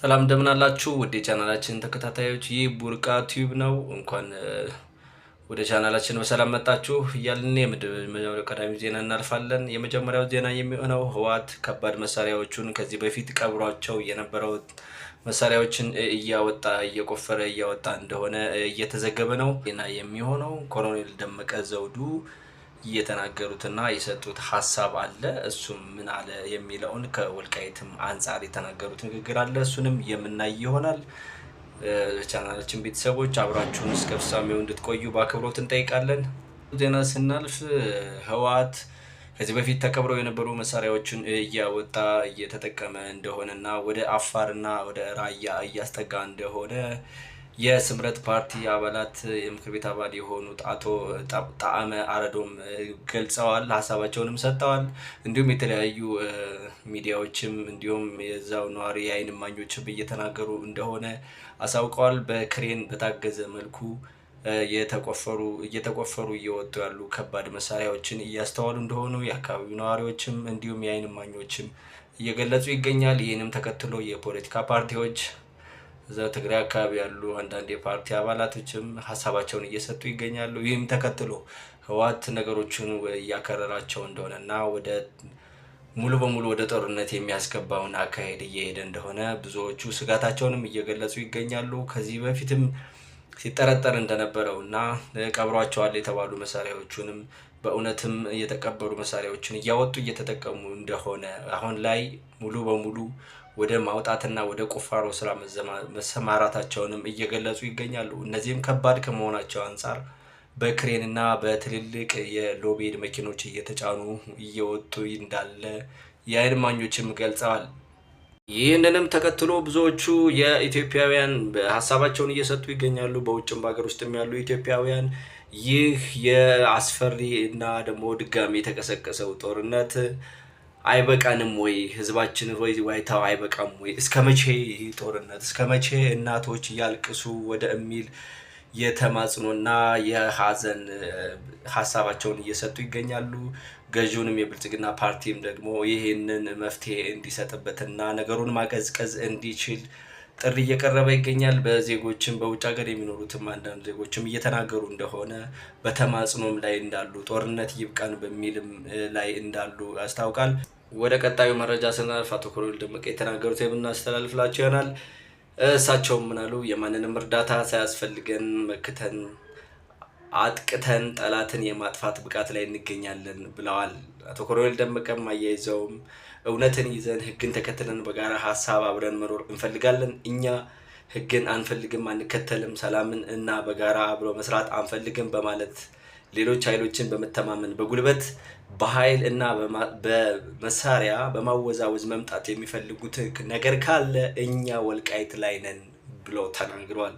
ሰላም እንደምን አላችሁ? ወደ ቻናላችን ተከታታዮች ይህ ቡርቃ ቲዩብ ነው። እንኳን ወደ ቻናላችን በሰላም መጣችሁ እያልን የመጀመሪያው ቀዳሚ ዜና እናልፋለን። የመጀመሪያው ዜና የሚሆነው ህወሓት ከባድ መሳሪያዎቹን ከዚህ በፊት ቀብሯቸው የነበረው መሳሪያዎችን እያወጣ እየቆፈረ እያወጣ እንደሆነ እየተዘገበ ነው። ዜና የሚሆነው ኮሎኔል ደመቀ ዘውዱ የተናገሩትና የሰጡት ሀሳብ አለ። እሱም ምን አለ የሚለውን ከወልቃይትም አንጻር የተናገሩት ንግግር አለ። እሱንም የምናይ ይሆናል። ቻናላችን ቤተሰቦች አብራችሁን እስከ ፍጻሜው እንድትቆዩ በአክብሮት እንጠይቃለን። ዜና ስናልፍ ህወሓት ከዚህ በፊት ተቀብረው የነበሩ መሳሪያዎችን እያወጣ እየተጠቀመ እንደሆነና ወደ አፋርና ወደ ራያ እያስጠጋ እንደሆነ የስምረት ፓርቲ አባላት የምክር ቤት አባል የሆኑት አቶ ጣዕመ አረዶም ገልጸዋል፣ ሀሳባቸውንም ሰጥተዋል። እንዲሁም የተለያዩ ሚዲያዎችም እንዲሁም የዛው ነዋሪ የአይን እማኞችም እየተናገሩ እንደሆነ አሳውቀዋል። በክሬን በታገዘ መልኩ የተቆፈሩ እየተቆፈሩ እየወጡ ያሉ ከባድ መሳሪያዎችን እያስተዋሉ እንደሆኑ የአካባቢው ነዋሪዎችም እንዲሁም የአይን እማኞችም እየገለጹ ይገኛል። ይህንም ተከትሎ የፖለቲካ ፓርቲዎች እዛ ትግራይ አካባቢ ያሉ አንዳንድ የፓርቲ አባላቶችም ሀሳባቸውን እየሰጡ ይገኛሉ። ይህም ተከትሎ ህወሓት ነገሮችን እያከረራቸው እንደሆነ እና ወደ ሙሉ በሙሉ ወደ ጦርነት የሚያስገባውን አካሄድ እየሄደ እንደሆነ ብዙዎቹ ስጋታቸውንም እየገለጹ ይገኛሉ። ከዚህ በፊትም ሲጠረጠር እንደነበረው እና ቀብሯቸዋል የተባሉ መሳሪያዎቹንም በእውነትም የተቀበሩ መሳሪያዎችን እያወጡ እየተጠቀሙ እንደሆነ አሁን ላይ ሙሉ በሙሉ ወደ ማውጣትና ወደ ቁፋሮ ስራ መሰማራታቸውንም እየገለጹ ይገኛሉ። እነዚህም ከባድ ከመሆናቸው አንጻር በክሬንና በትልልቅ የሎቤድ መኪኖች እየተጫኑ እየወጡ እንዳለ የአይን እማኞችም ገልጸዋል። ይህንንም ተከትሎ ብዙዎቹ የኢትዮጵያውያን ሀሳባቸውን እየሰጡ ይገኛሉ። በውጭም በሀገር ውስጥም ያሉ ኢትዮጵያውያን ይህ የአስፈሪ እና ደግሞ ድጋሚ የተቀሰቀሰው ጦርነት አይበቃንም ወይ? ህዝባችን ወይ ዋይታው አይበቃም ወይ? እስከ መቼ ይህ ጦርነት? እስከ መቼ እናቶች እያልቅሱ ወደ እሚል የተማጽኖና የሀዘን ሀሳባቸውን እየሰጡ ይገኛሉ። ገዢውንም የብልጽግና ፓርቲም ደግሞ ይህንን መፍትሄ እንዲሰጥበትና ነገሩን ማቀዝቀዝ እንዲችል ጥሪ እየቀረበ ይገኛል። በዜጎችም በውጭ ሀገር የሚኖሩትም አንዳንድ ዜጎችም እየተናገሩ እንደሆነ በተማጽኖም ላይ እንዳሉ ጦርነት ይብቃን በሚልም ላይ እንዳሉ ያስታውቃል። ወደ ቀጣዩ መረጃ ስናልፍ አቶ ኮሎኔል ደመቀ የተናገሩት የምናስተላልፍላቸው ይሆናል። እሳቸውም ምናሉ የማንንም እርዳታ ሳያስፈልገን መክተን አጥቅተን ጠላትን የማጥፋት ብቃት ላይ እንገኛለን ብለዋል። አቶ ኮሎኔል ደመቀም አያይዘውም እውነትን ይዘን ህግን ተከትለን በጋራ ሀሳብ አብረን መኖር እንፈልጋለን። እኛ ህግን አንፈልግም፣ አንከተልም። ሰላምን እና በጋራ አብሮ መስራት አንፈልግም በማለት ሌሎች ኃይሎችን በመተማመን በጉልበት በኃይል እና በመሳሪያ በማወዛወዝ መምጣት የሚፈልጉት ነገር ካለ እኛ ወልቃይት ላይ ነን ብሎ ተናግሯል።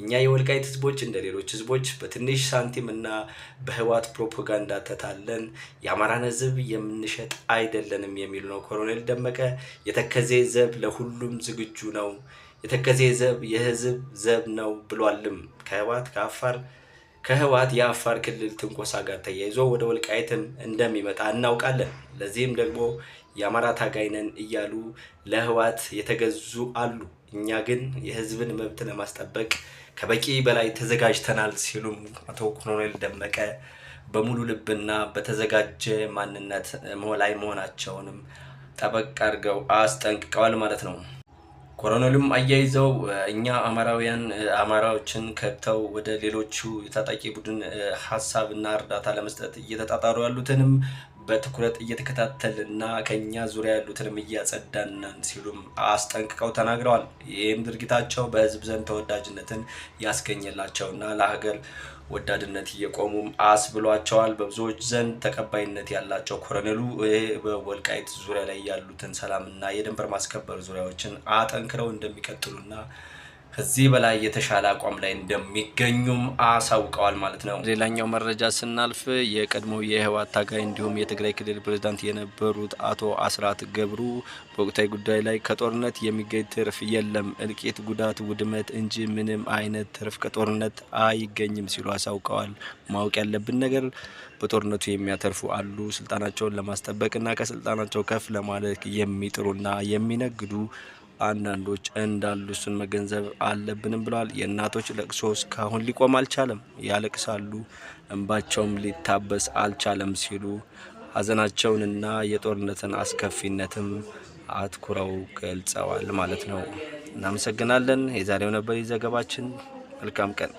እኛ የወልቃይት ህዝቦች እንደ ሌሎች ህዝቦች በትንሽ ሳንቲም እና በህዋት ፕሮፓጋንዳ ተታለን የአማራን ህዝብ የምንሸጥ አይደለንም የሚሉ ነው ኮሎኔል ደመቀ። የተከዜ ዘብ ለሁሉም ዝግጁ ነው፣ የተከዜ ዘብ የህዝብ ዘብ ነው ብሏልም። ከህዋት ከአፋር ከህወሓት የአፋር ክልል ትንኮሳ ጋር ተያይዞ ወደ ወልቃይትም እንደሚመጣ እናውቃለን። ለዚህም ደግሞ የአማራ ታጋይ ነን እያሉ ለህወሓት የተገዙ አሉ። እኛ ግን የህዝብን መብት ለማስጠበቅ ከበቂ በላይ ተዘጋጅተናል ሲሉም አቶ ኮሎኔል ደመቀ በሙሉ ልብና በተዘጋጀ ማንነት ላይ መሆናቸውንም ጠበቅ አድርገው አስጠንቅቀዋል ማለት ነው። ኮሎኔሉም አያይዘው እኛ አማራውያን አማራዎችን ከብተው ወደ ሌሎቹ የታጣቂ ቡድን ሀሳብና እርዳታ ለመስጠት እየተጣጣሩ ያሉትንም በትኩረት እየተከታተልና ከኛ ዙሪያ ያሉትንም እያጸዳናን ሲሉም አስጠንቅቀው ተናግረዋል። ይህም ድርጊታቸው በህዝብ ዘንድ ተወዳጅነትን ያስገኘላቸውና ለሀገር ወዳድነት እየቆሙም ብሏቸዋል በብዙዎች ዘንድ ተቀባይነት ያላቸው ኮሎኔሉ በወልቃይት ዙሪያ ላይ ያሉትን ሰላምና የድንበር ማስከበር ዙሪያዎችን አጠንክረው እንደሚቀጥሉና ከዚህ በላይ የተሻለ አቋም ላይ እንደሚገኙም አሳውቀዋል ማለት ነው። ሌላኛው መረጃ ስናልፍ የቀድሞ የህወሓት ታጋይ እንዲሁም የትግራይ ክልል ፕሬዝዳንት የነበሩት አቶ አስራት ገብሩ በወቅታዊ ጉዳይ ላይ ከጦርነት የሚገኝ ትርፍ የለም፣ እልቂት፣ ጉዳት፣ ውድመት እንጂ ምንም አይነት ትርፍ ከጦርነት አይገኝም ሲሉ አሳውቀዋል። ማወቅ ያለብን ነገር በጦርነቱ የሚያተርፉ አሉ። ስልጣናቸውን ለማስጠበቅና ከስልጣናቸው ከፍ ለማለት የሚጥሩና የሚነግዱ አንዳንዶች እንዳሉ እሱን መገንዘብ አለብንም ብለዋል። የእናቶች ለቅሶ እስካሁን ሊቆም አልቻለም፣ ያለቅሳሉ፣ እንባቸውም ሊታበስ አልቻለም ሲሉ ሀዘናቸውንና የጦርነትን አስከፊነትም አትኩረው ገልጸዋል ማለት ነው። እናመሰግናለን። የዛሬው ነበር ዘገባችን። መልካም ቀን